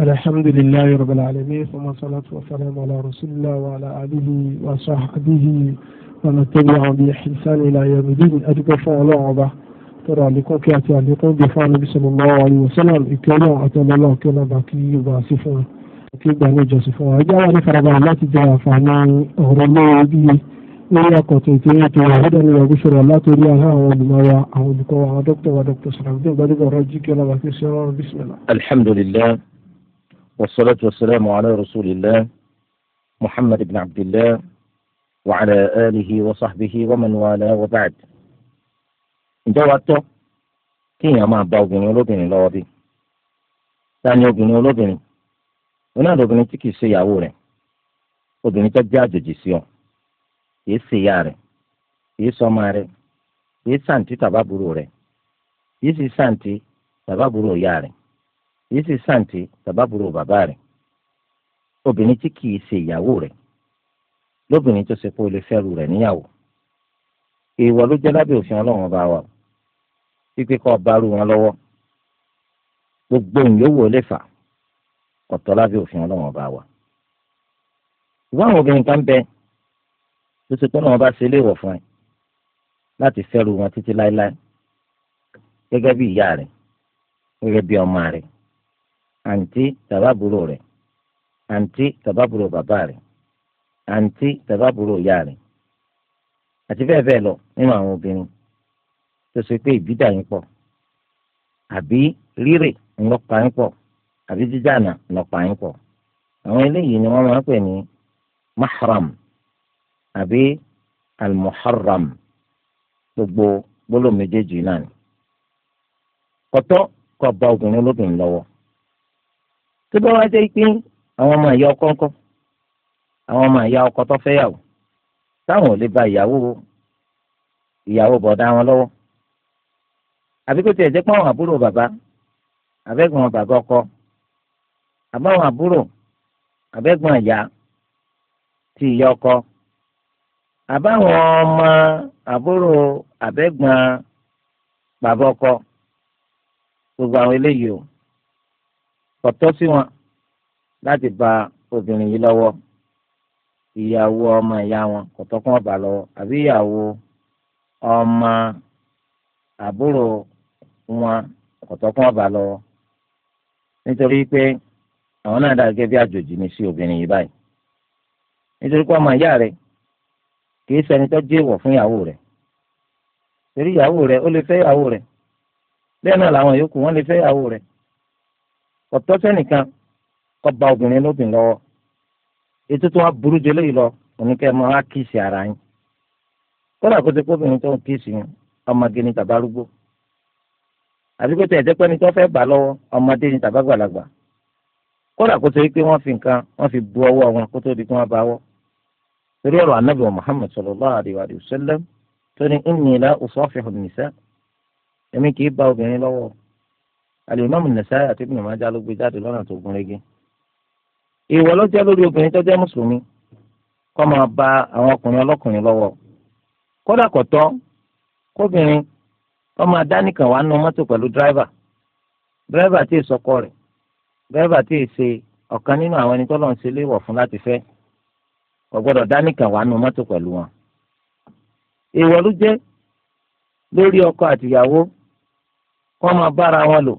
الحمد لله رب العالمين ثم الصلاة والسلام على رسول الله وعلى آله وصحبه ومن تبع بإحسان إلى يوم الدين أدب فعل عبا ترى لكم كاتا لكم بفعل بسم الله عليه وسلم إكلا أتم الله كلا باكي وباسفا كي باني جاسفا أجعل عليك رب الله تجعل فعلا أغرم الله نيا كوتي تي تي هدا نيا بشر الله تريا ها وما يا أو دكتور ودكتور سلام دكتور رجيك الله بسم الله الحمد لله والصلاة والسلام على رسول الله محمد بن عبد الله وعلى آله وصحبه ومن والاه وبعد ǹjẹ́ wàá tọ́ kéèyàn máa bá obìnrin olóbìnrin lọ́wọ́ bí tani obìnrin olóbìnrin onáàdó obìnrin tí kìí ṣe ìyàwó rẹ̀ obìnrin tó jẹ́ àjòjì sí ọ kìí ṣe ìyá rẹ̀ kìí sọmọ rẹ̀ kìí sàǹtì tàbábùrò rẹ̀ kìí sì sàǹtì tàbábùrò ìyá rẹ̀ kìí sì sàǹtì tàbábùrò bàbá rẹ̀ obìnrin tí kìí ṣe ìyàwó rẹ̀ lóbìnrin tó ṣe pé o lè fẹ́rù rẹ̀ níyàwó èèwọ̀ ló jẹ́ lábẹ́ òfin ọlọ́run ọba wa pípé kọ́ bárù wọn lọ́wọ́ gbogbo ìyówó lè fà ọ̀tọ̀ lábẹ́ òfin ọlọ́run ọba wa ìwọ àwọn obìnrin kan bẹ tó ṣe pé ọlọ́run bá ṣe léèwọ̀ fún ẹ láti fẹ́rù wọn títí láéláé gẹ́gẹ́ bí ìyá rẹ̀ gẹ́gẹ́ bí ọmọ rẹ̀ àǹtí tàbábùrò rẹ̀ àǹtí tàbábùrò bàbá rẹ̀ àǹtí tàbábùrò ìyá rẹ̀ àti bẹ́ẹ̀ bẹ́ẹ̀ lọ nínú àwọn obìnrin tó ṣe pé ìbídà yín pọ̀ àbí rírè ńlọpa yín pọ̀ àbí jíjànà ńlọpa yín pọ̀ àwọn eléyìí ni wọ́n máa ń pè ní mahram àbí almuharram gbogbo gbólóhùn méjèèjì náà ni kọtọ kọ bá obìnrin lóbìnrin lọ́wọ́ tó bá wá jẹ́ pé àwọn ọmọ ìyá ọkọ ńkọ́ àwọn ọmọ ìyá ọkọ tó fẹ́ yàwó táwọn ò lè ba ìyàwó ìyàwó bọ̀dá wọn lọ́wọ́ àbí kó tiẹ̀ jẹ́ pé àwọn àbúrò bàbá àbẹ́gbọ̀n bàbá ọkọ àbáwọn àbúrò àbẹ́gbọ̀n ìyá ti ìyá ọkọ àbáwọn ọmọ àbúrò àbẹ́gbọ̀n bàbá ọkọ gbogbo àwọn eléyìí o ọ̀tọ́ sí wọn láti ba obìnrin yìí lọ́wọ́ ìyàwó ọmọ ìyá wọn kò tọ́kùn ọ̀bà lọ́wọ́ àbí ìyàwó ọmọ àbúrò wọn kò tọ́kùn ọ̀bà lọ́wọ́ nítorí pé àwọn náà dàgẹ́ bí àjòjì ni sí obìnrin yìí báyìí nítorí pé ọmọ ìyá rẹ̀ kìí ṣẹni tó jẹ́ ìwọ̀ fún ìyàwó rẹ̀ torí ìyàwó rẹ̀ ó lè fẹ́ ìyàwó rẹ̀ bẹ́ẹ̀ náà làwọn yòókù wọ́n lè fẹ́ ìyàwó rẹ̀ ọ̀tọ́ sẹ́nìkan kọ́ ba obìnrin lóbìn lọ́wọ́ ètò tó wá burú jẹ lẹ́yìn lọ oníkẹ́ máa wá kíìsì ara yín kódà kó ti kóbìnrin tó ń kíìsì yín ọmọge ni tàbá rúgbó àbí kó tẹ̀ jẹ́pẹ́ ni tó fẹ́ bà lọ́wọ́ ọmọdé ni tàbá gbàlagbà kódà kó ti pé wọ́n fi nǹkan wọ́n fi bu ọwọ́ wọn kó tó di kí wọ́n bá wọ́ torí ọ̀rọ̀ anábì Muhammad sallallahu alayhi wa sallam tó ní inni la usafihu nisa èmi kì í ba alimami nasaayi àti ibùdó máa já ló gbé jáde lọ́nà tó gún régé ìwọ ló lórí obìnrin tó jẹ́ mùsùlùmí kó máa ba àwọn ọkùnrin ọlọ́kùnrin lọ́wọ́ kódà kò tọ́ kóbìnrin kó máa dánìkan wà nù mọ́tò pẹ̀lú dírẹ́fà dírẹ́fà tí ì sọkọ rẹ̀ dírẹ́fà tí ì ṣe ọ̀kan nínú àwọn ẹni tó lọ́n ṣe léwọ̀ fún láti fẹ́ kò gbọ́dọ̀ dánìkan wà nù mọ́tò pẹ̀lú wọn. ìwọ ló jẹ́ lórí ọkọ àtìyàwó kó máa bára wọn lò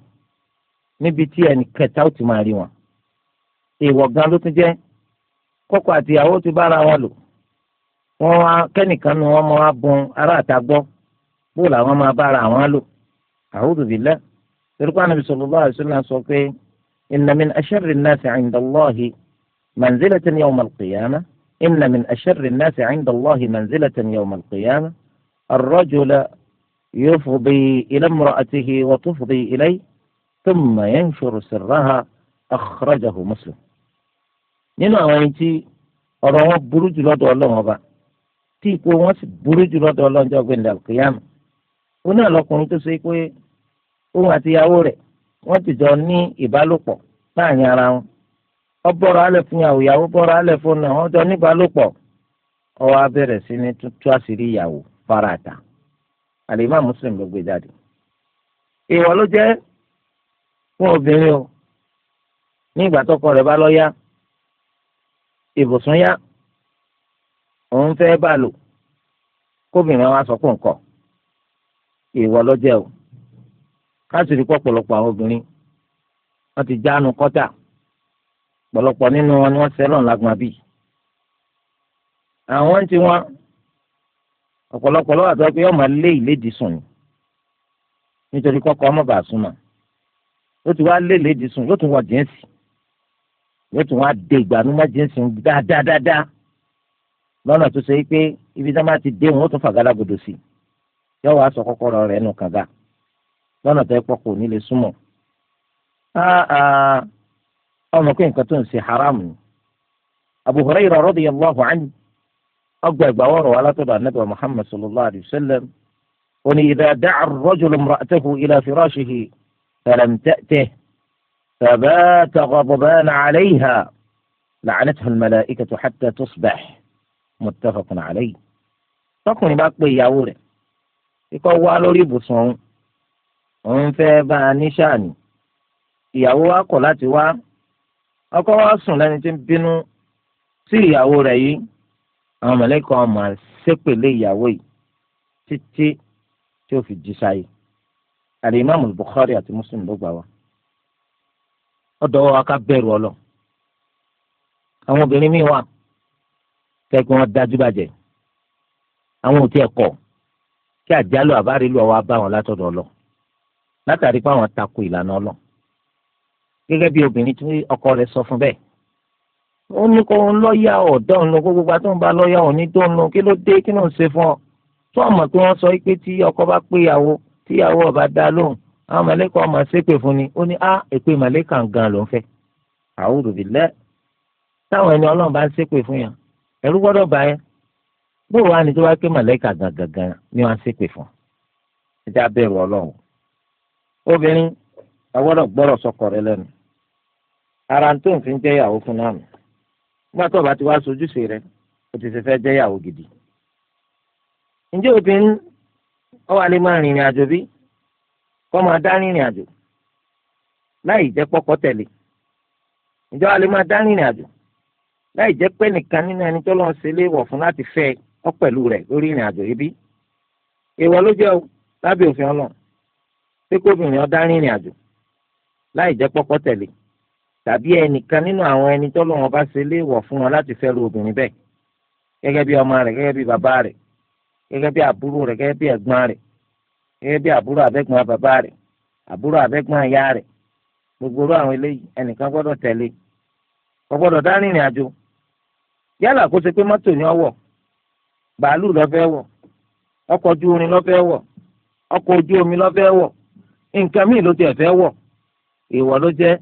níbi tí ẹnì kẹta ó ti máa rí wọn èèwọ̀ gan ló tún jẹ́ kọ́kọ àti ìyàwó ti bára wọn lò atiyawo ti wá kẹ́nìkan nu wọn máa bun ará àta gbọ́ bó làwọn máa bára wọn lò a'udhu billah torí pé Ànábì sallallahu alaihi wasallam sọ pé náà ṣe àyìn inna min asharri an-nasi 'inda Allahi manzilatan yawma al-qiyamah inna min asharri an-nasi 'inda Allahi manzilatan yawma al-qiyamah ar-rajulu yufdi ila imra'atihi wa ilé yìí. ثم ينشر سرها أخرجه مسلم nínú àwọn ẹni tí ọ̀rọ̀ wọn burú jù lọ́dọ̀ ọlọ́run ọba tí ipò wọn sì burú jù lọ́dọ̀ ọlọ́run jọ gbẹ̀ndẹ̀ àlùkìyàmù ó náà lọkùnrin tó ṣe pé òun àti ìyàwó rẹ̀ wọ́n ti jọ ní ìbálòpọ̀ láàrin ara wọn ó bọ́ra alẹ́ fún ìyàwó ìyàwó bọ́ra alẹ́ fún náà wọ́n jọ ní ìbálòpọ̀ ó wá bẹ̀rẹ̀ sí ní tú àṣírí ìyàwó farata àlè má mùsùlùmí ló gbé jáde èèwọ̀ ló jẹ́ fún obìnrin o ní ìgbà tọkọ rẹ̀ bá lọ yá ìbùsùn yá òun fẹ́ bá lò kóbìnrin wa sọ fún nǹkan ìwọ ló jẹ́ o káàsì rí pọ̀pọ̀lọpọ̀ àwọn obìnrin wọ́n ti jáánu kọ́tà pọ̀lọpọ̀ nínú wọn ni wọ́n sẹ́lọ̀n lágbọ̀n bíi àwọn ti wọn ọ̀pọ̀lọpọ̀ lọ́wọ́ àti ọkọ̀ yọ̀ọ́ máa lé ìlédìí sùn nítorí kọ́kọ́ ọmọ bàá súnmọ́ yóò tún wá lélẹ̀ di sùn yóò tún wọ jẹ́ǹsì yóò tún wá de ìgbàanú má jẹ́ǹsì dáadáadáa lọ́nà tó ṣe pé ibi tí wọ́n ti dé wọn ó tún fàgádà gbọdọ̀ sí yóò wá sọ kọ́kọ́rọ́ rẹ̀ nù kàga lọ́nà tó yẹ pọ̀ kò ní lè súnmọ́ ọmọ pé nǹkan tó ń ṣe haram ni Abu Hurayra radiyallahu anhu ọgbà ìgbàwọ̀rọ̀ alátọ̀dọ̀ anabi Muhammad sallallahu alayhi wa sallam oní idha da'a ar-rajulu imra'atahu ila firashihi. فلم تأته فبات غضبان عليها لعنته الملائكة حتى تصبح متفق عليه tọkùnrin bá pe ìyàwó rẹ̀ kíkọ wá lórí ibùsùn òun òun fẹ́ bá a ní sàní ìyàwó wa kọ̀ láti wá ọkọ wa sùn lẹ́ni tí ń bínú sí ìyàwó rẹ̀ yìí àwọn mọ̀lẹ́kọ̀ ọmọ ṣépèlé ìyàwó yìí títí tí ó fi jí sáyé alimami bukhari àti muslim ló gbà wá ọ̀dọ̀ wa ká bẹ̀rù ọlọ àwọn obìnrin míì wà kẹgbẹ wọn dájú bàjẹ́ àwọn ò tiẹ̀ kọ̀ kí àjálù àbárílù ọwọ bá wọn látọ̀dọ̀ ọlọ látàrí pé àwọn tako ìlànà ọlọ gẹ́gẹ́ bí obìnrin tí ọkọ rẹ̀ sọ fún bẹ́ẹ̀ ó ní kó ń lọ́ọ́yà ọ̀dọ́ ń lo gbogbo àti òun bá lọ́ọ́yà òní tó ń lo kí ló dé kí ló ń ṣe fún ọ tó àmọ̀ pé wọ́n sọ pé tí ọkọ bá pé tíyàwó ọba dá lóhùn àwọn màlẹ́kà ọmọ ṣépè fún ni ó ní á èpè màlẹ́kà gan ló ń fẹ́ àwùrù bí lẹ́ táwọn ẹni ọlọ́run bá ń fún yàn ẹ̀rú gbọ́dọ̀ bá yẹn n'ụwa wàá ní tó ké gangan ni wọ́n á ṣépè fún ẹjẹ́ abẹ́rù ọlọ́run obìnrin gbọ́dọ̀ ara ń fi jẹ́ ìyàwó fún náà nígbà tó ọ wà lè máa rìnrìn àjò bí kọ máa dá rìnrìn àjò láì jẹ́ pọ́kọ́ tẹ̀lé ǹjẹ́ wà máa dá rìnrìn àjò láì nìkan nínú ẹni tó lọ́n ṣe lé wọ̀ fún láti fẹ́ ọ pẹ̀lú rẹ̀ lórí ìrìn àjò yìí bí ló jẹ́ o lábẹ́ òfin pé kóbìnrin rìnrìn àjò láì tàbí ẹnìkan nínú àwọn ọba ṣe lé wọ̀ fún láti fẹ́ lu obìnrin bẹ́ẹ̀ gẹ́gẹ́ bí ọmọ gẹ́gẹ́ bí bàbá gẹ́gẹ́ bí àbúrò rẹ̀ gẹ́gẹ́ bí ẹ̀gbọ́n rẹ̀ gẹ́gẹ́ bí àbúrò abẹ́gbọ́n bàbá rẹ̀ àbúrò abẹ́gbọ́n rẹ̀ gbogbo orú àwọn eléyìí ẹnìkan gbọ́dọ̀ tẹ̀lé kò gbọ́dọ̀ dá ni ọ wọ̀ bàálù ló wọ̀ ọkọ̀ ojú irin ló wọ̀ ọkọ̀ ojú omi ló wọ̀ nǹkan míì ló tiẹ̀ fẹ́ wọ̀ èèwọ̀ ló jẹ́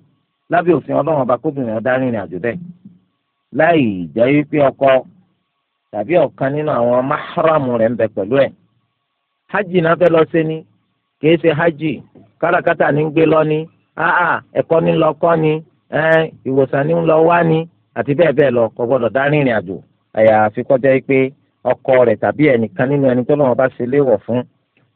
lábẹ́ òfin Ọlọ́run ọba kóbìnrin ó rìnrìn àjò bẹ́ẹ̀ láì jẹ́ ọkọ tàbí ọ̀kan nínú àwọn máhàrámù rẹ̀ ń bẹ pẹ̀lú ẹ̀ hajj náà fẹ́ lọ sí ni kìí ṣe hajj káràkátà ní gbé lọ ni áà ẹ̀kọ́ ní lọ kọ́ ni ìwòsàn ní lọ wá ni àti bẹ́ẹ̀ bẹ́ẹ̀ lọ kò gbọ́dọ̀ dá rìnrìn àjò àyàfi kọjá pé ọkọ rẹ̀ tàbí ẹnìkan nínú ẹni tó lọ́wọ́ bá ṣe léwọ̀ fún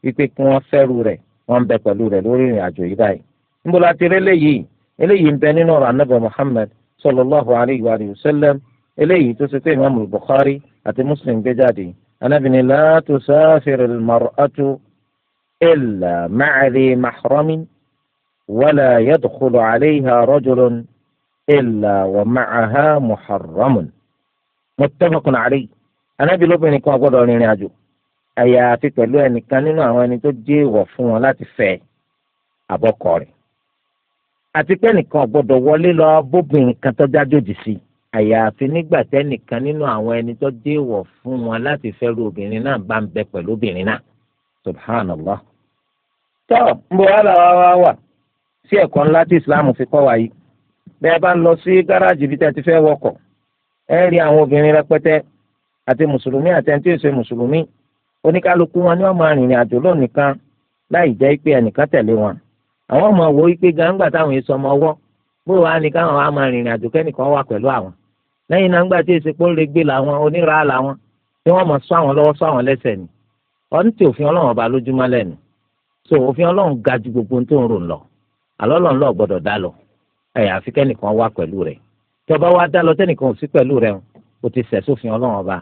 wípé kí wọ́n fẹ́rù rẹ̀ wọ́n ń bẹ pẹ̀lú rẹ̀ lórí ìrìn àjò yìí báyìí níbo la ti rí eléyìí eléyìí ń bẹ nínú ọ̀rọ̀ anábọ̀ Muhammad sallallahu alayhi wa sallam eléyìí tó ṣe pé imaamu bukhari àti muslim gbé jáde anábìíní la tusafiru al-mar'atu illa ma'a dhi mahramin wala yadkhulu alayha rajulun illa wa ma'aha muharramun muttafaqun alayhi anábìíní lóbìnrin kan gbọ́dọ̀ rìnrìn àjò àyàfi pẹ̀lú ẹnìkan nínú àwọn ẹni tó jẹ́ èèwọ̀ fún wọn láti fẹ́ àbọ̀kọ rẹ̀ àti pé ẹnìkan wọlé lọ bóbìnrin kan tó jájòjì sí i àyàfi nígbà tẹ́nìkan nínú àwọn ẹni tó déwọ̀ fún wọn láti fẹ́rù obìnrin náà bá ń bẹ pẹ̀lú obìnrin náà subhanallah. tọ́ ń bọ̀ wàhálà wa wá wà sí ẹ̀kọ́ ńlá tí islam fi kọ́ wa yìí bẹ́ẹ̀ bá ń lọ sí gáràjì bí tẹ́tí fẹ́ wọkọ̀ ẹ rí àwọn obìnrin rẹpẹtẹ àti mùsùlùmí àti ẹni tí ò ṣe mùsùlùmí oníkálukú wọn ni wọ́n máa rìnrìn àjò lónìkan láì jẹ́ pé ẹnìkan tẹ̀lé wọn àwọn ọmọ wo ipe gangba táwọn èso ọmọ ọwọ́ bó wàá ní káwọn wàá máa rìnrìn àjò kẹ́nìkan wà pẹ̀lú àwọn lẹ́yìn náà ńgbà tí èsì pé ó lè gbé làwọn onírà làwọn tí wọ́n mọ̀ sọ àwọn lọ́wọ́ sọ àwọn lẹ́sẹ̀ ni ọ̀n tí òfin ọlọ́run ọba lójúmọ́ lẹ́nu so òfin ọlọ́run ga ju gbogbo tó ń rò lọ àlọ́ ọlọ́run lọ́ọ̀ gbọ́dọ̀ dá lọ ẹ̀yà àfi kẹ́nìkan wá pẹ̀lú rẹ̀ tí ọba wá dá lọ tẹ́nìkan ò sí pẹ̀lú rẹ̀ o ti sẹ̀ sófin ọlọ́run ọba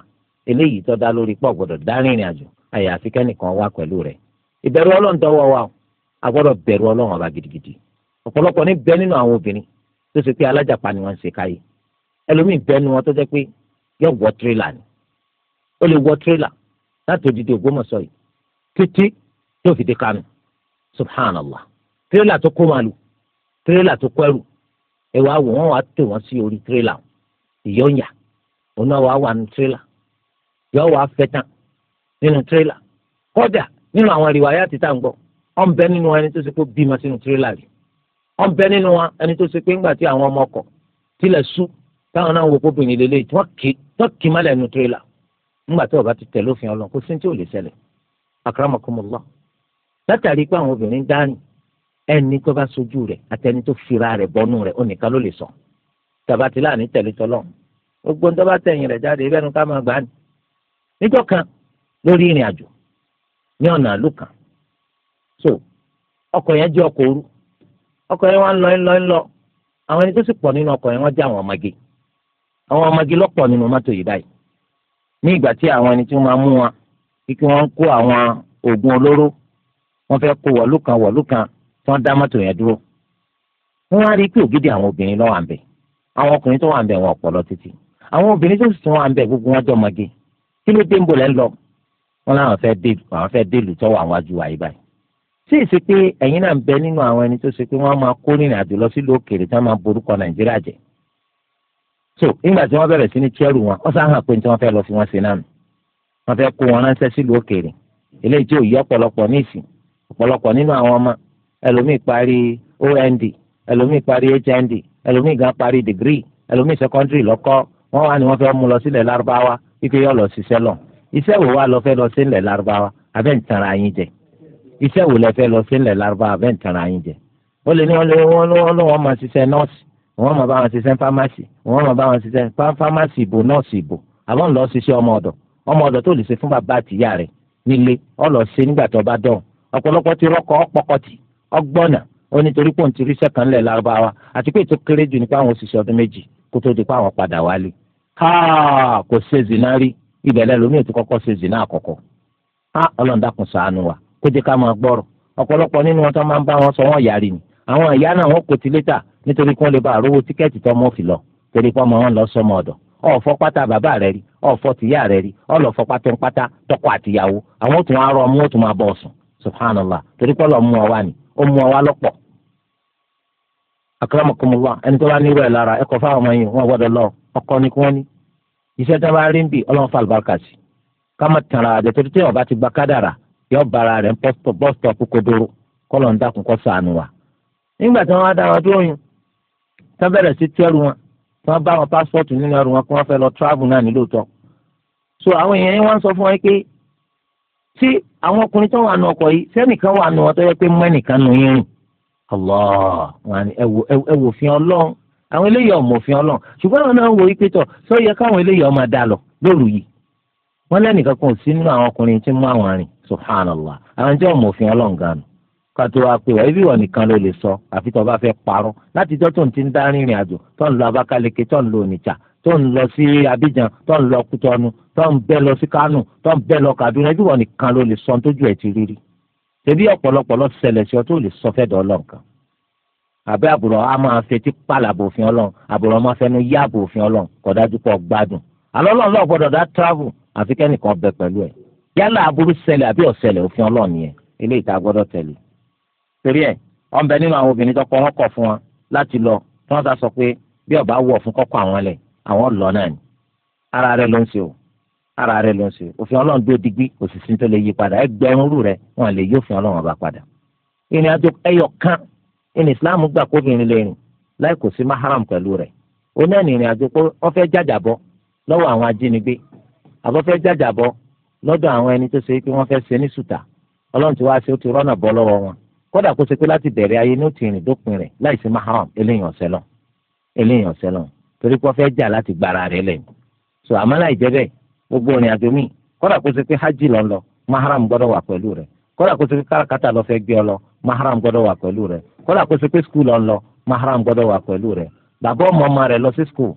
eléyìí tó dá lórí pọ̀ gbọ́dọ̀ dá rìnrìn àjò ẹ̀yà àfi kẹ́nìkan wá pẹ̀lú rẹ̀ ìbẹ̀rù ọlọ́run tọwọ́ wa a gbọ́dọ̀ bẹ̀rù ọlọ́run ọba gidigidi ọ̀pọ̀lọpọ̀ ní bẹ nínú àwọn obìnrin tó ṣe pé alájàpá ni wọ́n ń ṣe káyé ẹlòmíì bẹnu wọn tó jẹ́ pé yọ wọ tírélà ni ó lè wọ tírélà láti odidi Ògbómọ̀ṣọ́ yìí títí tó fi dé Kánò subhanallah tírélà tó kó màlúù tírélà tó kẹrù ẹ wàá wò wọn wàá tò wọn sí orí tírélà ìyọnyà òun náà wàá wà ní tírélà yọ wàá fẹ́ tán nínú tírélà kódà nínú àwọn ìrìwáyà ti tá à ń gbọ́ ọ̀n bẹ nínú ẹni tó ṣe pé bímọ sínú tírélà rí ọ̀n bẹ nínú ẹni tó ṣe pé ńgbà tí àwọn ọmọ ọkọ̀ tilẹ̀ sùn táwọn náà wo kóbìnrin lélẹ̀ tọ́kì mọ́lẹ̀ nu tirẹ̀là ńgbà tí ọba ti tẹ̀ lófin ọlọ́run kò sí ò lè ṣẹlẹ̀ akramakumullah látàrí pé àwọn obìnrin dání ẹni tó bá sojú àtẹni tó fira rẹ bọnu rẹ ó ló lè sọ láàánú gbogbo ń tọ́ba tẹ̀yìn jáde ká máa so ọkọ̀ yẹn jẹ́ ọkọ̀ òru ọkọ̀ yẹn wá ń lọ ń lọ ń lọ àwọn ẹni tó sì pọ̀ nínú àwọn ọmọge lọ́pọ̀ nínú mọ́tò yìí báyìí ní ìgbà tí àwọn ẹni tí wọ́n máa mú wọn kí wọ́n kó àwọn oògùn olóró wọ́n fẹ́ kó wọ̀lú kan wọ̀lú kan tí wọ́n dá mọ́tò yẹn dúró wọ́n wá rí i pé ògidì àwọn obìnrin lọ́wọ́ àǹbẹ̀ àwọn ọkùnrin tó wà àǹbẹ̀ wọn ọ̀pọ̀ lọ títí àwọn obìnrin tó sì tún wà àǹbẹ̀ gbogbo wọn jọ mọ́gì kí ló dé ń bò lẹ́ ń lọ wọn láwọn fẹ́ dé àwọn fẹ́ dé lù tọ́wọ́ àwọn ajú wáyé báyìí sí pé ẹ̀yin náà ń bẹ nínú àwọn ẹni tó ṣe pé wọ́n máa kó rìnrìn àjò lọ sílùú òkèèrè tí wọ́n máa borúkọ Nàìjíríà jẹ́ so nígbà tí wọ́n bẹ̀rẹ̀ sí ní tíẹ́rù wọn wọ́n sá hàn pé tí wọ́n fẹ́ lọ fi wọ́n ṣe náà nù wọ́n fẹ́ kó wọn ránṣẹ́ sílùú òkèèrè eléyìí tí ò yí ọ̀pọ̀lọpọ̀ ní ìsìn ọ̀pọ̀lọpọ̀ nínú àwọn ọmọ ẹlòmíì parí OND ẹlòmíì parí HND ẹlòmíì gan parí degree ẹlòmíì secondary lọ́kọ́ wọ́n wá ní wọ́n fẹ́ mú lọ sílẹ̀ lárúbáwá wípé yóò lọ ṣiṣẹ́ lọ iṣẹ́ wo wá lọ fẹ́ lọ sílẹ̀ lárúbáwá abẹ́ ń tanra yín jẹ iṣẹ́ wo lẹ fẹ́ lọ sílẹ̀ lárúbáwá abẹ́ ń tanra yín jẹ ó lè ní wọ́n lé wọ́n lọ́wọ́ máa ṣiṣẹ́ nọ́ọ̀sì wọn mọ bá wọn ṣiṣẹ́ fámásì wọ́n máa bá wọn ṣiṣẹ́ fámásì ìbò nọ́ọ̀sì ìbò àbọ̀ ńlọ ọmọ ọdọ ọmọ ọdọ tó lè ṣe fún bàbá àtìyá rẹ̀ nílé ọlọ ṣe nígbà tó bá dọ̀hùn ọ̀pọ̀lọpọ̀ ti rọkọ ọ̀pọ̀kọ̀tì ọgbọ́nà ó ní torí pò ti ríṣẹ́ kan lẹ̀ lárúbáwá àti pé ètò kéré jù nípa àwọn òṣìṣẹ́ ọdún méjì kó tó di pa àwọn padà wálé kò ṣe zina rí ìbẹ̀lẹ̀ lómi ò ti kọ́kọ́ ṣe zina àkọ́kọ́ nítorí kí wọ́n lè bá àrówó tíkẹ́ẹ̀tì tó ọmọ fi lọ torí pé ọmọ wọn lọ sọmọ ọ̀dọ̀ ọ̀fọ́ pátá bàbá rẹ̀ rí ọ̀fọ́ tìyá rẹ̀ rí ọlọ́fọ́ pátá pátá tọkọ àtìyàwó àwọn ò tún arọ ọmú ò tún máa bọ̀ ọ̀sùn subhanallah torí pé ọlọ́mú ọwa ni ó mú ọwa lọ́pọ̀. akramakumullah ẹni tó bá ní ìwé lára ẹ̀kọ́ fáwọn ọmọ yìí wọn gbọ́dọ̀ lọ ọkọ ni kí wọn ní iṣẹ́ tí wọn bá rí ń bì Ọlọ́run fa àlùbáríkà sí ká tàn tí wọ́n bẹ̀rẹ̀ sí tẹ́rù wọn tí wọ́n bá wọn pásítọ̀tù nínú ẹrù wọn kí wọ́n fẹ́ lọ travel náà nílò so àwọn èèyàn yẹn wọ́n ń sọ fún wọn pé tí àwọn ọkùnrin tó wà nù ọkọ̀ yìí sẹ́nìkan wà nù wọn tó yẹ pé mọ́ ẹnìkan nù yín rìn Allah ẹ wò fi ọlọ́run àwọn eléyìí ọmọ òfin ọlọ́run ṣùgbọ́n àwọn náà wò wípé tọ̀ sọ yẹ káwọn eléyìí ọmọ dà lọ lóru yìí wọ́n lẹ́nìkan subhanallah àwọn jẹ́ ọmọ ká tó wá pé wá ibi ìwọ nìkan ló lè sọ àfi tó bá fẹ́ parọ́ láti jọ́ tó ń ti ń dá rìnrìn àjò tó ń lọ Abakaliki tó ń lọ Onitsha tó ń lọ sí Abidjan tó ń lọ Kútọ́nù tó ń bẹ́ lọ sí Kánò tó ń bẹ́ lọ Kaduna ibi ìwọ nìkan ló lè sọ tójú ẹ̀ ti rí rí ṣebí ọ̀pọ̀lọpọ̀ lọ ṣẹlẹ̀ sí ọ tó lè sọ fẹ́ dọ̀ ọlọ́run kan àbẹ́ àbùrọ̀ a máa fetí pàlàbò òfin ọlọ́run àbùrọ̀ máa fẹnu torí ẹ̀ wọ́n bẹ nínú àwọn obìnrin tọkọ wọn kọ̀ fún wọn láti lọ tí wọ́n sá sọ pé bí ọba wọ̀ fún kọkọ àwọn lẹ̀ àwọn lọ náà ni ara rẹ̀ ló ń o ara rẹ̀ ló ń òfin ọlọrun dúró digbí òṣìṣẹ́ tó lè yí padà ẹgbẹ̀rún rú rẹ̀ wọn òfin ọlọrun ọba padà ẹyọ kan ìní islam gbà lè rìn maharam pẹ̀lú rẹ ó náà ní ìrìn àjò pé wọ́n fẹ́ jàjàbọ́ lọ́wọ́ àwọn ajínigbé àbọ̀ fẹ́ lọ́dọ̀ àwọn ẹni tó ṣe pé wọ́n fẹ́ ṣe kódà kó ṣe pé láti bẹ̀rẹ̀ ayé ní òtún ìrìn dópin rẹ̀ láìsí mahram eléyìí ọ̀sẹ̀ lọ eléyìí ọ̀sẹ̀ lọ torí fẹ́ jà láti rẹ̀ lẹ̀ so àmọ́ láì gbogbo ìrìn àjò míì pé hajj lọ lọ mahram gbọ́dọ̀ wà pẹ̀lú rẹ̀ kódà kó pé lọ fẹ́ gbé wà pẹ̀lú rẹ̀ kódà skul lọ lọ wà pẹ̀lú rẹ̀ bàbá ọmọ ọmọ lọ sí skul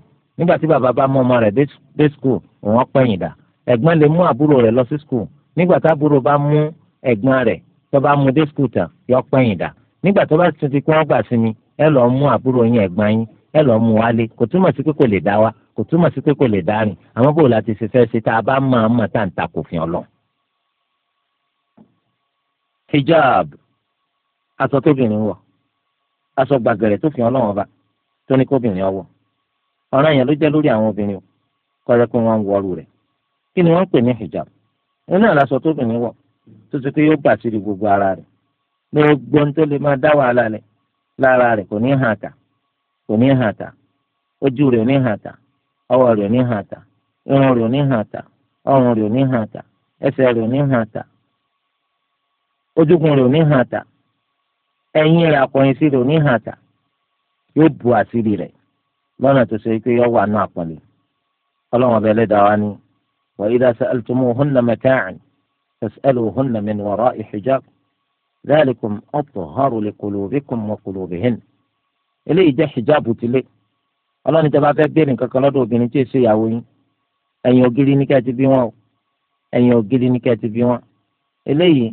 nígbà rẹ̀ tó bá mu dé skul tán yọ pẹ́yìn dà nígbà tó bá ti pé wọ́n gbà sí mi ẹ lọ́ọ́ mú àbúrò yín ẹ̀gbọ́n yín ẹ lọ́ọ́ mú wálé kò túmọ̀ sí pé kò lè dá wa kò túmọ̀ sí pé kò lè dá rìn àmọ́ bò láti ṣe fẹ́ ṣe tá a bá máa mọ̀ tá à ń ta kò fi ọlọ́. hijab aṣọ tóbìnrin wọ̀ aṣọ gbàgẹ̀rẹ̀ tó fi ọlọ́wọ́n bá tó ní kóbìnrin ọwọ́ ọ̀ràn yẹn ló jẹ́ lórí àwọn obìnrin kọ́jọ́ tó ti pé yóò bàṣírí gbogbo ara rẹ̀ gbogbo ń tó lè máa dá wàhálà lẹ̀ lára rẹ̀ kò ní hàn tà kò ní hàn tà ojú rẹ̀ ha ní hàn tà ọwọ́ ha taa ní hàn tà irun taa ní hàn tà ọrùn rẹ̀ ní hàn tà ẹsẹ̀ ní hàn ojúkun ní hàn sí ní hàn yóò bu àṣírí ni فاسألوهن من وراء حجاب ذلكم أطهر لقلوبكم وقلوبهن eléyìí jẹ́ hijabu tilé ọlọ́ni tẹ́ bá fẹ́ béèrè nǹkan kan lọ́dọ̀ obìnrin tí èso ìyàwó yín ẹ̀yìn ògiri ní kẹ́ ẹ ti bí wọn o ẹ̀yìn ògiri ní kẹ́ ẹ ti bí wọn eléyìí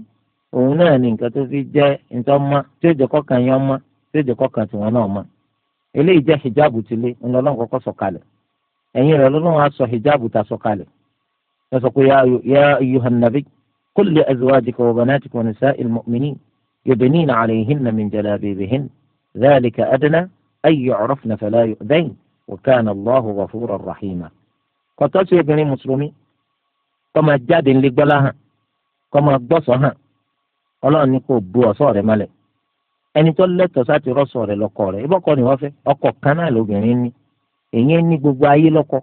òun náà ni nǹkan tó fi jẹ́ nǹkan ọmọ tí ó jẹ́ kọ́kàn yín ọmọ tí ó jẹ́ kọ́kàn tiwọn náà mọ́ eléyìí jẹ́ hijabu tilé ńlọ́lọ́n kọ́kọ́ sọ̀kalẹ̀ ẹ̀yìn rẹ̀ lọ́lọ́run á sọ hijabu ta sọ̀kalẹ̀ ẹ sọ pé yá ayyuhan nabiy قل لأزواجك وبناتك ونساء المؤمنين يبنين عليهن من جلابيبهن ذلك أدنى أن يعرفن فلا يؤذين وكان الله غفورا رحيما قتلت يا بني مسلمي كما جاد لقلاها كما قصها ولا نقول بوا صار ملك ẹni tó تساتي sáà ti rọsọ rẹ وفي rẹ ìbọn kọ ni wọn fẹ ọkọ kanáà lóbìnrin ni ìyẹn ní gbogbo ayé lọkọ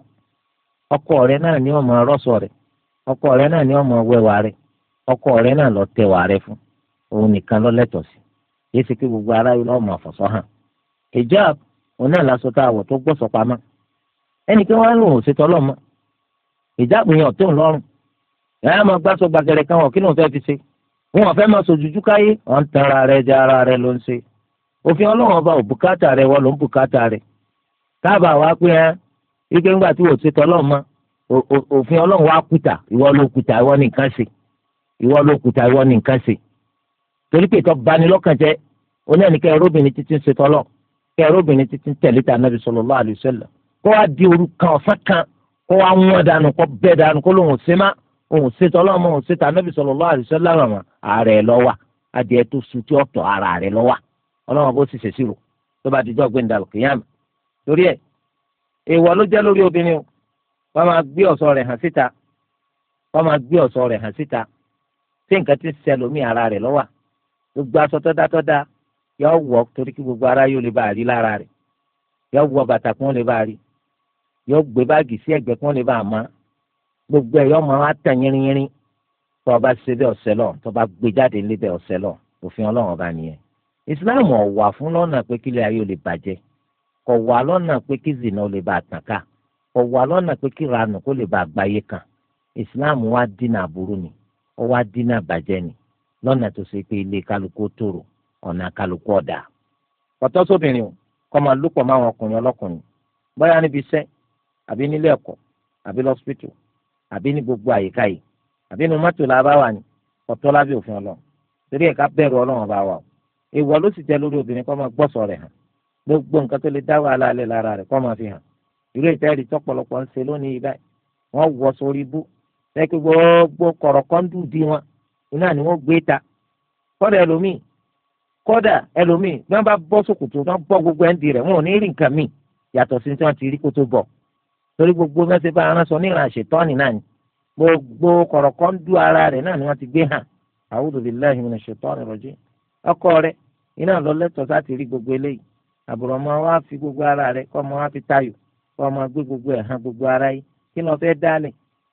ọkọ rẹ náà ni wọn máa rọsọ ọkọ rẹ náà lọ tẹ wàá rẹ fún òun nìkan lọ sí yìí gbogbo aráyé lọ́wọ́ máa fọ̀sọ́ hàn hijab òun náà lásọ tá a wọ̀ tó gbọ́sọ̀ pamọ́ ẹnì kí wọ́n á lòun ò ṣètò ọlọ́mọ hijab yẹn ò tóun lọ́rùn yàrá máa gbàsọ gbàgẹ̀rẹ̀ kan wọ̀ kí lóun ara rẹ jẹ ara rẹ ló ń ṣe òfin rẹ wọ́n ló ìwọ ló kùtà ìwọ ní nǹkan ṣe torí pé ìtọ́ bani lọ́kàn jẹ́ onáà ní kẹ́ ẹrọ́bìnrin títí ń ṣetọ́ lọ kẹ́ ẹrọ́bìnrin títí ń tẹ̀lé ta nàbì sallallahu alaihi wasallam kó wá di òru kan ọ̀sán kan kó wá wọ́n dànù kó bẹ́ẹ̀ dànù kó lóun ṣe má òun ṣetọ́ lọ́mọ òun ṣe ta nàbì sallallahu alaihi wasallam lọ́wọ́ ààrẹ lọ́wọ́ adìẹ tó sun tí ọ̀tọ̀ ara rẹ lọ́wọ́ ọlọ́wọ́ bó sì ṣe sírò tó bá dijọ́ gbẹ̀ndà kìyàmù torí ẹ̀ èèwọ̀ ló jẹ́ lórí obìnrin o wọ́n máa gbé ọ̀ṣọ́ rẹ̀ hàn síta wọ́n máa gbé ọ̀ṣọ́ rẹ̀ hàn síta tí nǹkan ti sẹlómi ara rẹ̀ lọ́wọ́ gbogbo aṣọ tọ́da tọ́da yóò wọ̀ torí kí gbogbo ara yóò lè bá rí lára rẹ̀ yóò wọ̀ bàtà kí wọ́n lè bá rí yóò gbé báàgì sí ẹ̀gbẹ́ kí wọ́n lè bá a mọ́ gbogbo ẹ̀ yóò máa tàn yínrínyínrín tó o bá ṣe bẹ́ẹ̀ ọ̀sẹ̀ lọ tó o bá gbé jáde lé bẹ́ẹ̀ ọ̀sẹ̀ lọ òfin ọlọ́run ọba nìyẹn ìsìláàmù ò wà fún lọ́nà pé kílẹ̀ ayé ò lè bàjẹ́ kò wà lọ́nà pé kí ó wá dínà bàjẹ́ ni lọ́nà tó ṣe pé ilé kálukú tòrò ọ̀nà kálukú ọ̀dà ọ̀tọ́ sóbìnrin o kọ́ máa lúpọ̀ máa wọn ọkùnrin ọlọ́kùnrin bóyá níbi iṣẹ́ àbí nílé ẹ̀kọ́ àbí lọ́sípítù àbí ní gbogbo àyíká yìí àbí inú mọ́tò wà ní ọ̀tọ́ lábẹ́ òfin ọlọ́run torí ẹ̀ka bẹ̀rù ọlọ́run bá wà o ìwọ ló sì jẹ́ lórí obìnrin kọ́ máa gbogbo nǹkan tó fi ha. lẹ́kì gbogbo kọ̀rọ̀kọ́ńdù di wọn iná ni wọ́n gbé ta kọ́dà ẹlòmíì kọ́dà ẹlòmíì bí wọ́n bá bọ́ sòkòtò wọ́n bọ́ gbogbo ẹ̀ǹdì rẹ̀ wọn ò ní rí nǹkan míì yàtọ̀ sí tí wọ́n ti rí kó tó bọ̀ torí gbogbo mẹ́sẹ̀ bá aránsọ níran náà ni gbogbo ara rẹ̀ náà ni wọ́n ti gbé hàn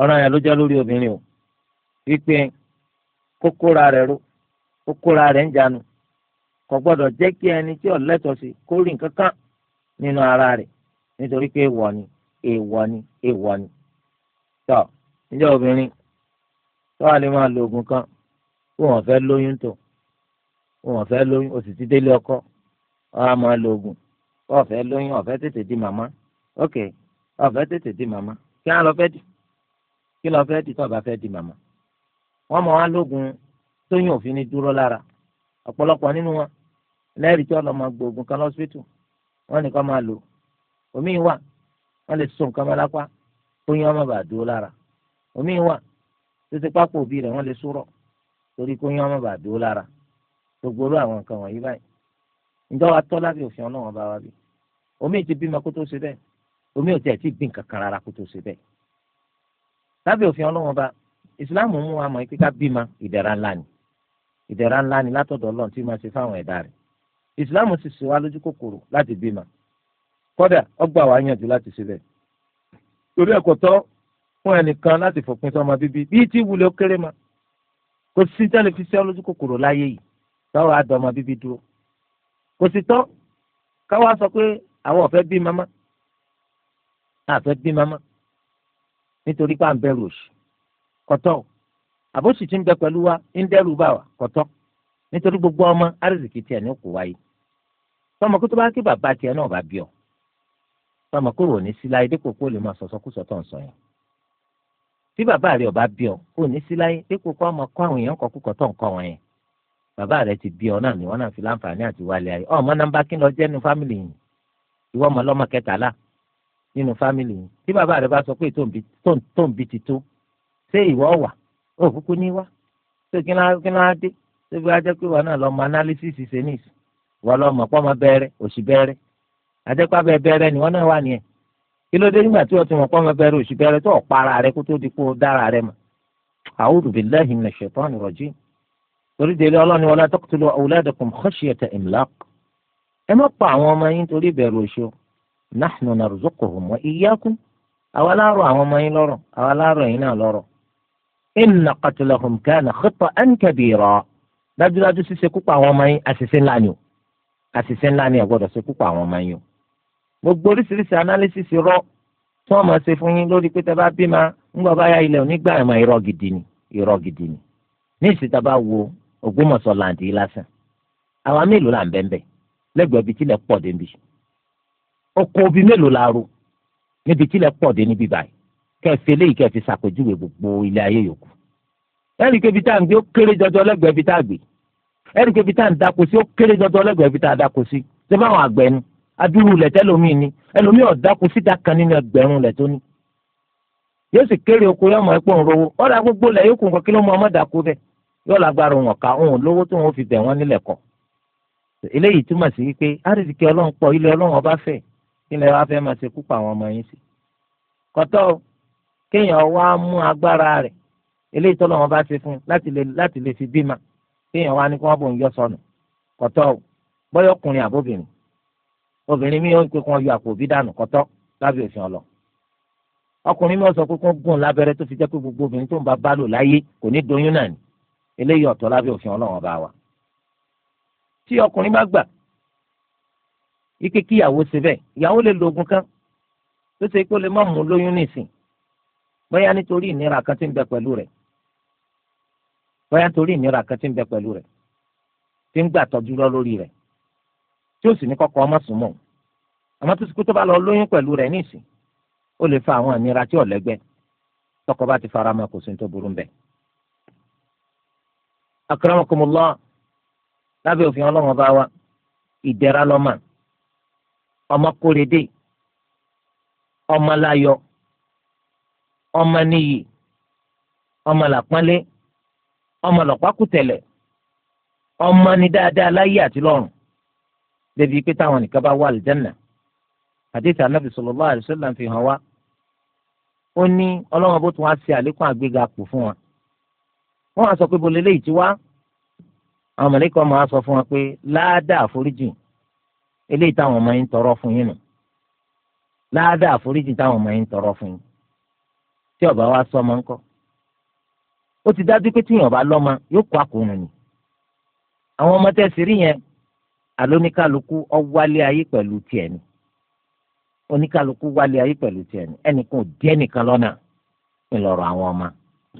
ọ̀ràn yẹn ló já lórí obìnrin o wípé kókóra rẹ̀ ró kókóra rẹ̀ ń jánu kò gbọ́dọ̀ jẹ́ kí ẹni tí ò lẹ́tọ̀ọ́ sí kó rí nǹkan kan nínú ara rẹ̀ nítorí pé èèwọ̀ ni èèwọ̀ ni èèwọ̀ ni. tọ́ níjọ́ obìnrin tó wà lè máa lo oògùn kan kó wọ́n fẹ́ lóyún tó wọ́n fẹ́ lóyún o sì ti délé ọkọ wọ́n á máa lo oògùn kó wọ́n fẹ́ lóyún ó tètè di màmá ok ó tètè di màmá kí á lọ fẹ́ dì í. kí lọ fẹ́ di tó ọba fẹ́ di màmá wọ́n mọ̀ wọn lógun tóyún òfin ní dúró lára ọ̀pọ̀lọpọ̀ nínú wọn lẹ́rìí tí wọ́n lọ máa gbóògùn kan lọ́sítù wọ́n nìkan máa lò omi wà wọ́n lè so nǹkan máa lápá ọmọ dúró lára omi wà títí òbí rẹ̀ wọ́n lè sọ̀rọ̀ torí ọmọ dúró lára gbogbo àwọn nǹkan wọ̀nyí báyìí ǹjọ́ wa tọ́ lábẹ́ òfin ọlọ́wọ́n bá wa bí omi ti bímọ kó tó ṣe bẹ́ẹ̀ omi lábẹ́ òfin ọlọ́run ọba islam mú wa mọ̀ kíkà bímọ ìdẹ̀ra ńlá ni ìdẹ̀ra ńlá ni látọ̀dọ̀ ọlọ́run tí máa ṣe fáwọn ẹ̀dá rẹ̀ islam sì ṣe wá lójú kòkòrò láti bímọ kódà ọgbà wa yànjú láti ṣe bẹ́ẹ̀ torí ẹ̀kọ́ tọ́ fún ẹnìkan láti fòpin sọ́mọ bíbí bí tí wulẹ̀ ó kéré ma kò sí tẹlifíṣẹ́ lójú kòkòrò láyé yìí táwọn àdọ́mọ nítorí pé à ń bẹ̀rù òṣì kọ̀tọ́ àbòsì tí ń bẹ pẹ̀lú wa ń dẹ́rù bà wá kọ̀tọ́ nítorí gbogbo ọmọ àrísìkí tiẹ̀ ní kò wáyé tọmọ kó tó bá ké bàbá tiẹ̀ náà bá bí ọ tọmọ kó wò ní síláyé dípò kó lè máa sọ̀sọ́ kó sọ̀tọ̀ nsọ yẹn tí bàbá rẹ ọba bí ọ kó ní síláyé dípò kó ọmọ kó àwọn èèyàn kọ kúkọ tó wọn yẹn bàbá rẹ ti bí ọ náà ni wọn náà fi láǹfààní àti wálé ayé ọmọ nàmbá kí lọ jẹ́nu fámìlì yìí ìwọ ọmọ lọ́mọ kẹtàlá nínú fámìlì yìí tí bàbá rẹ bá sọ pé tóǹbì ti tó ṣé ìwọ wà ó kúkú ní wá ṣé kí náà kí náà dé ṣé bí wàá jẹ́ pé wà náà lọ́mọ analysis ṣe ní ìsìn wọ́n lọ́mọ pọ́nmọ bẹ́ẹ̀rẹ́ òṣì bẹ́ẹ̀rẹ́ àjẹpá bẹ́ẹ̀ bẹ́ẹ̀rẹ́ ni wọ́n náà wà nìyẹn kí ló dé nígbà tí wọ́n ti mọ̀ pọ́nmọ bẹ́ẹ̀rẹ́ òṣì bẹ́ẹ̀rẹ́ tó ọ̀para rẹ kó tó di kó dára rẹ mọ̀ a'udhu billahi minash nahnu narzuquhum wa iyyakum àwa láàrọ̀ àwọn ọmọ yín lọ́rọ̀ àwa láàrọ̀ yín náà lọ́rọ̀ inna qatlahum kana khata'an kabira dájúdájú ṣíṣe kúpa àwọn ọmọ yín àṣìṣe ńlá ni o àṣìṣe ńlá ni ẹ gbọ́dọ̀ ṣe kúpa àwọn ọmọ yín o gbogbo oríṣiríṣi analysis rọ tí wọ́n máa ṣe fún yín lórí pé tẹ́ bá bímọ ńgbà báyà ilẹ̀ onígbà ẹ̀mọ́ irọ́ gidi ni irọ́ gidi ni ní ìsìta bá wo Ògbómọ̀ṣọ́ làǹdí lásán àwa mélòó là ń bẹ́ńbẹ́ lẹ́gbẹ̀ẹ́ bíi tílẹ̀ pọ̀ débi oko obì mélòó la ro níbi tí ilẹ̀ pọ̀ dé níbí báyìí kẹfì eléyìí kẹfì ṣàpèjúwe gbogbo ilé ayé yòókù ẹnì kebi tá à ń gbé ó kéré jọjọ lẹ́gbẹ̀ẹ́ bí tá à gbé ẹnì kebi tá à ń dako sí ó kéré jọjọ lẹ́gbẹ̀ẹ́ bí tá à dako sí ṣé báwọn àgbẹ̀ ni adúrú lẹ̀ tẹ́lómi ni ẹlòmí ò dako síta kan nínú ẹgbẹ̀rún lẹ̀ tó ní yóò sì kéré oko yọmọ ẹpọ òǹrowó ọ̀rọ̀ gbogbo lẹ̀ yóò kan kí ló mú bẹ́ẹ̀ yóò kí lẹ wá fẹ́ máa ṣe kú pa àwọn ọmọ yín sí. kọ́tọ́ kéèyàn wá mú agbára rẹ̀ eléyìí tọ́lọ́ wọn bá ṣe fún láti lè fi bímọ kéèyàn wá ní kí wọ́n bò ń yọ sọnù kọ́tọ́ bọ́yọ̀ ọkùnrin àbóbìnrin obìnrin mi ò ń pè kí wọ́n yọ àpò òbí dànù kọ́tọ́ lábẹ́ òfin ọlọ́ọ̀ ọkùnrin mọ̀ sọ pé kó gùn lábẹ́rẹ́ tó fi jẹ́ pé gbogbo obìnrin tó ń bá bá lò láyé kò ní doyún náà ni eléyìí ọ̀tọ̀ lábẹ́ òfin ọlọ́run ọba wa. tí ọkùnrin bá gbà ike kíyàwó ṣe bẹ́ẹ̀ ìyàwó lè lo oògùn kan tó ṣe pé ó lè má mú lóyún nìsín bóyá nítorí ìnira kan tí ń bẹ pẹ̀lú rẹ̀ bóyá nítorí ìnira kan tí ń bẹ pẹ̀lú rẹ̀ tí ń gbà tọ́jú lọ lórí rẹ̀ tí ó sì ní kọ́kọ́ ọmọ sùn mọ́ àmọ́ tó ṣe pé tó bá lọ lóyún pẹ̀lú rẹ̀ nìsín ó lè fa àwọn ìnira tí ò tọkọ bá ti fara mọ́ kò sí tó burú ń bẹ. akramakumullah lábẹ́ òfin ọlọ́run bá wa ìdẹ̀ra lọ́mọ ọmọkúrèdè ọmọláyọ ọmọnìyí ọmọlàpọ́nlé ọmọlọ́pàkùtẹ̀lẹ̀ ọmọni dáadáa láyé àti lọ́run débi pé táwọn nìkan bá wà lìjánà àdéhùn anábì sallallahu alaihi wasallam fi hàn wá ó ní ọlọ́wọ́n bó tún wá ṣe àlékún àgbéga kù fún wa wọ́n á sọ pé bolẹ́lẹ́yìí ti wá àwọn mọ̀lẹ́kọ̀ọ́ máa sọ fún wa pé láàdá àforíjì eléyìí táwọn ọmọ yín tọrọ fún yín nù láàdá àforíjì táwọn ọmọ yín tọrọ fún yín tí ọba wa sọmọ ńkọ́ ó ti dájú pé tíyàn ọba lọ́mọ yóò kó àkóónù ni àwọn ọmọ tẹsí rí yẹn àlóníkàlùkù ọwálé ayé pẹ̀lú tiẹ̀ ni oníkàlùkù wálé ayé pẹ̀lú tiẹ̀ ni ẹnìkan ò di ẹnìkan lọ́nà ńlọ́rọ̀ àwọn ọmọ.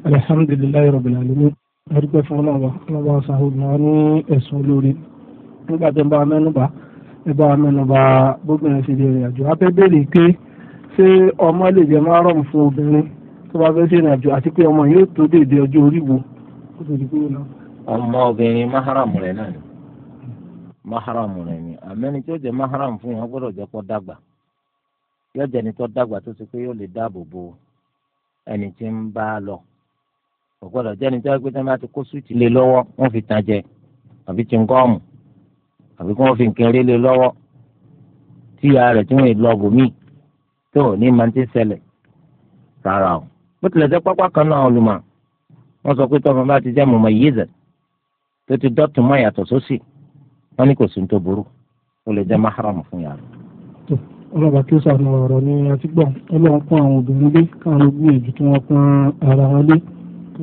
alihamdulilayi rabbil alamin adúgbò fún ọlọ́wọ́ ọlọ́wọ́ sàhùn náà ní ẹ̀sùn olórí nígbà tí n bá mẹ́nu bá ẹ bá wa mẹ́nu bà gbogbo ẹ̀ ṣe lè rìn àjò afẹ́ béèrè pé ṣé ọmọ lè jẹ márùn fún obìnrin tó bá fẹ́ ṣe ìrìn àti pé ọmọ yóò tó déédéé ọjọ́ orí wo kó tó di kúrò náà. ọmọ obìnrin mahram rẹ̀ náà ni mahram rẹ̀ ni àmẹ́ni tí ó jẹ mahram fún yẹn gbọ́dọ̀ jẹ́ kó dàgbà yóò jẹ́ ẹni tó dàgbà tó ti pé yóò lè dáàbò bo ẹni tí ń bá lọ kò jẹ́ ẹni tó yẹ pé tí wọ́n àbí kí wọ́n fi nǹkan rí lé lọ́wọ́ tí ìyá rẹ̀ tí wọ́n lọ bò mí tó ní máa ti ṣẹlẹ̀ rárá o bó tilẹ̀ jẹ́ pápá kan náà olùmọ̀ wọ́n sọ pé tọ́mọ bá ti jẹ́ mọ̀mọ́ yéèzẹ̀ tó ti dọ́tun mọ́ ìyàtọ̀ sósì wọ́n ní kò sí ní tó burú ó lè jẹ́ máhàrámù fún yàrá. ọlọ́ba kí ó sànù ọ̀rọ̀ ni a ti gbọ́ ọlọ́run pọ́n àwọn obìnrin lé káwọn gbìyànjú tí wọ́n pọ́n ara wọn lé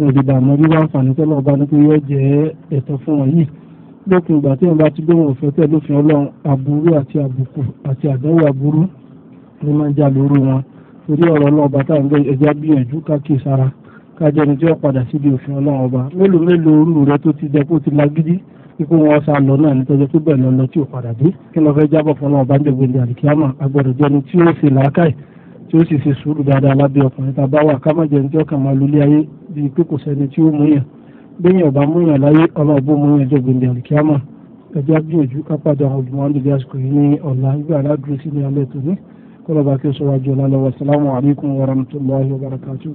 ìdìbò àmọ́ bí wọ́n àǹfààní tọ́lọ́ba lópin ìgbà tí wọn bá ti gbóhùn òfin tẹ lófin Ọlọ́run aburú àti àbùkù àti àdánwò aburú ni máa ń já lóru wọn torí ọ̀rọ̀ Ọlọ́run ọba tá gbé ẹja gbìyànjú káàkiri sára tí wọn padà síbi òfin Ọlọ́run ọba mélòó mélòó orú rẹ tó ti kó ti ikú wọn sá lọ ọba agbọ̀dọ̀ jẹni tí ó ṣe làákàyè tí ó sì ṣe sùúrù bẹ́yìn ọ̀bá múyàn láyé ọlọ́ọ̀bù múyàn jọ̀gbìn ní àlìkíámà ẹ̀jẹ̀ gbìyànjú kápádà àwọn olùmọ̀ níbi àsìkò yìí ní ọ̀la ìgbà aládùúró sí ní alẹ́ tòní kọ́lọ́ba kí ó sọ wájú ọ̀la lọ́wọ́ assalamu alaikum warahmatullahi wabarakatuh.